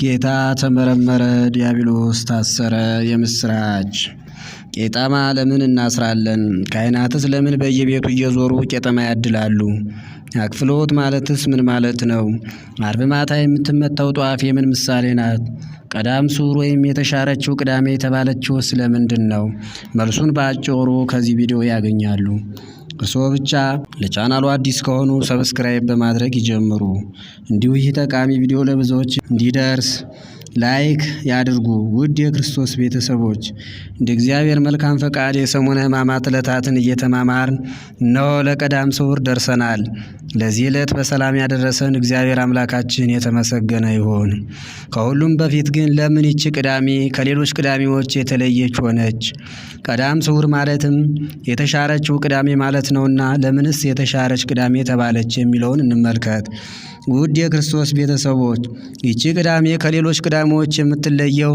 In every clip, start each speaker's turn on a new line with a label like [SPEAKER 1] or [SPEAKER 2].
[SPEAKER 1] ጌታ ተመረመረ፣ ዲያብሎስ ታሰረ። የምስራች ቄጠማ ለምን እናስራለን? ካህናትስ ለምን በየቤቱ እየዞሩ ቄጠማ ያድላሉ? አክፍሎት ማለትስ ምን ማለት ነው? አርብ ማታ የምትመታው ጧፍ የምን ምሳሌ ናት? ቀዳም ሱር ወይም የተሻረችው ቅዳሜ የተባለችው ስለምንድን ነው? መልሱን በአጭሩ ከዚህ ቪዲዮ ያገኛሉ። እርስዎ ብቻ። ለቻናሉ አዲስ ከሆኑ ሰብስክራይብ በማድረግ ይጀምሩ። እንዲሁ ይህ ጠቃሚ ቪዲዮ ለብዙዎች እንዲደርስ ላይክ ያድርጉ። ውድ የክርስቶስ ቤተሰቦች እንደ እግዚአብሔር መልካም ፈቃድ የሰሙነ ሕማማት ዕለታትን እየተማማርን እነሆ ለቀዳም ስዑር ደርሰናል። ለዚህ ዕለት በሰላም ያደረሰን እግዚአብሔር አምላካችን የተመሰገነ ይሁን። ከሁሉም በፊት ግን ለምን ይቺ ቅዳሜ ከሌሎች ቅዳሜዎች የተለየች ሆነች? ቀዳም ስዑር ማለትም የተሻረችው ቅዳሜ ማለት ነውና ለምንስ የተሻረች ቅዳሜ ተባለች የሚለውን እንመልከት። ውድ የክርስቶስ ቤተሰቦች ይቺ ቅዳሜ ከሌሎች ቅዳሜ ከዓለሞች የምትለየው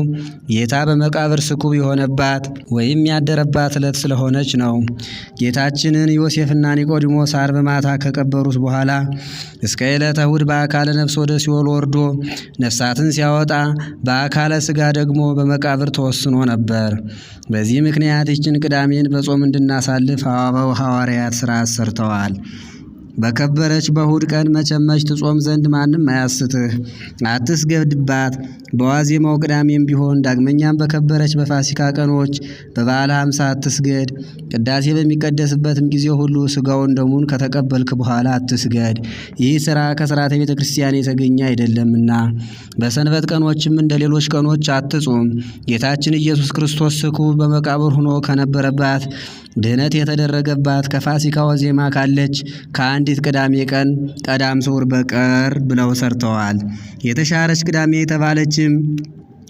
[SPEAKER 1] ጌታ በመቃብር ስኩብ የሆነባት ወይም ያደረባት ዕለት ስለሆነች ነው። ጌታችንን ዮሴፍና ኒቆዲሞስ አርብ ማታ ከቀበሩት በኋላ እስከ ዕለተ እሑድ በአካለ ነፍስ ወደ ሲኦል ወርዶ ነፍሳትን ሲያወጣ በአካለ ስጋ ደግሞ በመቃብር ተወስኖ ነበር። በዚህ ምክንያት ይችን ቅዳሜን በጾም እንድናሳልፍ አበው ሐዋርያት ሥራ ሰርተዋል። በከበረች በእሁድ ቀን መቸመች ትጾም ዘንድ ማንም አያስትህ፣ አትስገድባት። በዋዜማው ቅዳሜም ቢሆን ዳግመኛም በከበረች በፋሲካ ቀኖች በበዓለ ሀምሳ አትስገድ። ቅዳሴ በሚቀደስበትም ጊዜ ሁሉ ስጋውን ደሙን ከተቀበልክ በኋላ አትስገድ። ይህ ስራ ከስርዓተ ቤተ ክርስቲያን የተገኘ አይደለምና። በሰንበት ቀኖችም እንደ ሌሎች ቀኖች አትጹም። ጌታችን ኢየሱስ ክርስቶስ ስኩ በመቃብር ሆኖ ከነበረባት ድህነት የተደረገባት ከፋሲካ ወዜማ ካለች ከአንዲት ቅዳሜ ቀን ቀዳም ስዑር በቀር ብለው ሰርተዋል። የተሻረች ቅዳሜ የተባለችም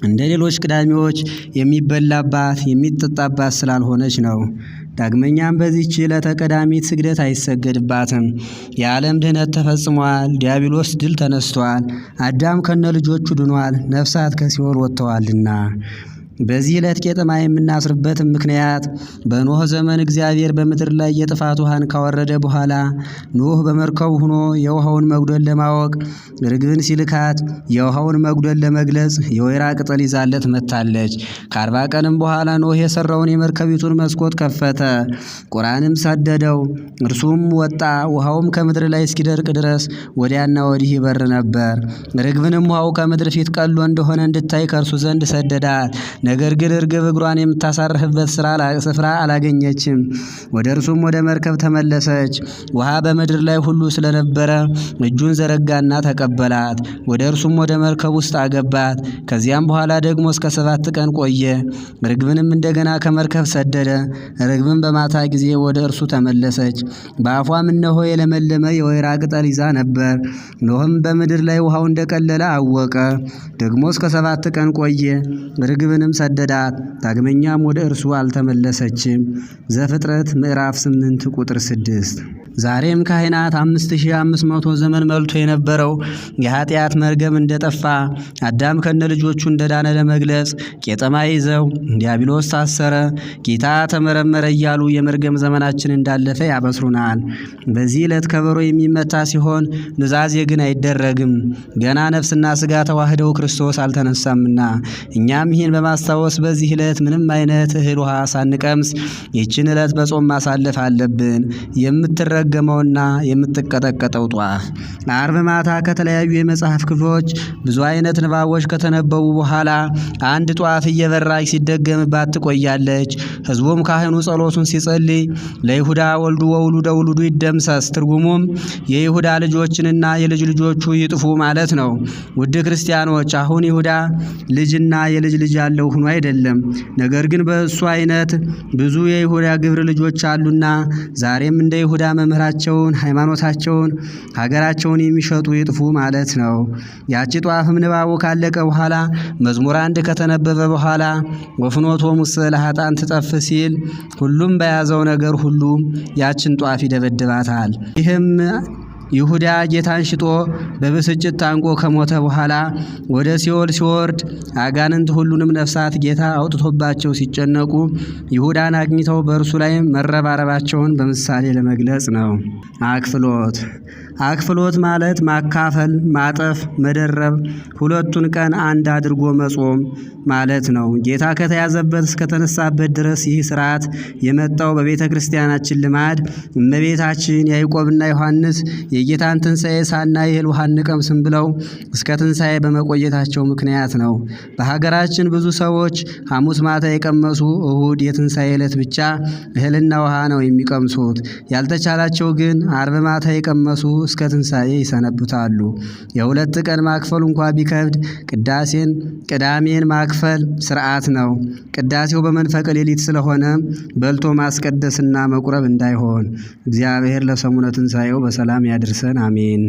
[SPEAKER 1] እንደ ሌሎች ቅዳሜዎች የሚበላባት የሚጠጣባት ስላልሆነች ነው። ዳግመኛም በዚች ዕለተ ቀዳሚት ስግደት አይሰገድባትም። የዓለም ድህነት ተፈጽሟል። ዲያብሎስ ድል ተነስቷል። አዳም ከነ ልጆቹ ድኗል፣ ነፍሳት ከሲኦል ወጥተዋልና። በዚህ ዕለት ቄጠማ የምናስርበት ምክንያት በኖህ ዘመን እግዚአብሔር በምድር ላይ የጥፋት ውሃን ካወረደ በኋላ ኖህ በመርከብ ሆኖ የውሃውን መጉደል ለማወቅ ርግብን ሲልካት የውሃውን መጉደል ለመግለጽ የወይራ ቅጠል ይዛለት መታለች። ከአርባ ቀንም በኋላ ኖህ የሰራውን የመርከቢቱን መስኮት ከፈተ፣ ቁራንም ሰደደው። እርሱም ወጣ፣ ውሃውም ከምድር ላይ እስኪደርቅ ድረስ ወዲያና ወዲህ ይበር ነበር። ርግብንም ውሃው ከምድር ፊት ቀሎ እንደሆነ እንድታይ ከእርሱ ዘንድ ሰደዳት። ነገር ግን እርግብ እግሯን የምታሳርፍበት ስፍራ አላገኘችም። ወደ እርሱም ወደ መርከብ ተመለሰች። ውሃ በምድር ላይ ሁሉ ስለነበረ እጁን ዘረጋና ተቀበላት። ወደ እርሱም ወደ መርከብ ውስጥ አገባት። ከዚያም በኋላ ደግሞ እስከ ሰባት ቀን ቆየ። ርግብንም እንደገና ከመርከብ ሰደደ። ርግብን በማታ ጊዜ ወደ እርሱ ተመለሰች። በአፏም እነሆ የለመለመ የወይራ ቅጠል ይዛ ነበር። ኖህም በምድር ላይ ውሃው እንደቀለለ አወቀ። ደግሞ እስከ ሰባት ቀን ቆየ። ርግብንም ሰደዳት፣ ዳግመኛም ወደ እርሱ አልተመለሰችም። ዘፍጥረት ምዕራፍ 8 ቁጥር 6። ዛሬም ካህናት 5500 ዘመን መልቶ የነበረው የኃጢአት መርገም እንደጠፋ አዳም ከነ ልጆቹ እንደዳነ ለመግለጽ ቄጠማ ይዘው ዲያብሎስ ታሰረ፣ ጌታ ተመረመረ እያሉ የመርገም ዘመናችን እንዳለፈ ያበስሩናል። በዚህ ዕለት ከበሮ የሚመታ ሲሆን ኑዛዜ ግን አይደረግም፣ ገና ነፍስና ስጋ ተዋህደው ክርስቶስ አልተነሳምና እኛም ይህን በማ ለማስታወስ በዚህ ዕለት ምንም አይነት እህል ውሃ ሳንቀምስ ይህችን ዕለት በጾም ማሳለፍ አለብን። የምትረገመውና የምትቀጠቀጠው ጧፍ። አርብ ማታ ከተለያዩ የመጽሐፍ ክፍሎች ብዙ አይነት ንባቦች ከተነበቡ በኋላ አንድ ጧፍ እየበራች ሲደገምባት ትቆያለች። ህዝቡም ካህኑ ጸሎቱን ሲጸልይ ለይሁዳ ወልዱ ወውሉደ ውሉዱ ይደምሰስ፣ ትርጉሙም የይሁዳ ልጆችንና የልጅ ልጆቹ ይጥፉ ማለት ነው። ውድ ክርስቲያኖች አሁን ይሁዳ ልጅና የልጅ ልጅ ያለው ሆኖ አይደለም። ነገር ግን በእሱ አይነት ብዙ የይሁዳ ግብር ልጆች አሉና ዛሬም እንደ ይሁዳ መምህራቸውን፣ ሃይማኖታቸውን፣ ሀገራቸውን የሚሸጡ ይጥፉ ማለት ነው። ያቺ ጧፍም ንባቡ ካለቀ በኋላ መዝሙር አንድ ከተነበበ በኋላ ወፍኖቶ ሙስ ለሀጣን ትጠፍ ሲል ሁሉም በያዘው ነገር ሁሉ ያችን ጧፍ ይደበድባታል። ይህም ይሁዳ ጌታን ሽጦ በብስጭት ታንቆ ከሞተ በኋላ ወደ ሲኦል ሲወርድ አጋንንት ሁሉንም ነፍሳት ጌታ አውጥቶባቸው ሲጨነቁ ይሁዳን አግኝተው በእርሱ ላይ መረባረባቸውን በምሳሌ ለመግለጽ ነው። አክፍሎት አክፍሎት ማለት ማካፈል፣ ማጠፍ፣ መደረብ፣ ሁለቱን ቀን አንድ አድርጎ መጾም ማለት ነው። ጌታ ከተያዘበት እስከተነሳበት ድረስ ይህ ስርዓት የመጣው በቤተ ክርስቲያናችን ልማድ እመቤታችን ያዕቆብና ዮሐንስ የጌታን ትንሣኤ ሳና የእህል ውሃ አንቀምስም ብለው እስከ ትንሣኤ በመቆየታቸው ምክንያት ነው። በሀገራችን ብዙ ሰዎች ሐሙስ ማታ የቀመሱ እሁድ የትንሣኤ ዕለት ብቻ እህልና ውሃ ነው የሚቀምሱት። ያልተቻላቸው ግን አርብ ማታ የቀመሱ እስከ ትንሣኤ ይሰነብታሉ። የሁለት ቀን ማክፈሉ እንኳ ቢከብድ ቅዳሴን ቅዳሜን ማክፈል ስርዓት ነው። ቅዳሴው በመንፈቀ ሌሊት ስለሆነ በልቶ ማስቀደስና መቁረብ እንዳይሆን እግዚአብሔር ለሰሙነ ትንሣኤው በሰላም ያድርስ ያድርሰን። አሜን።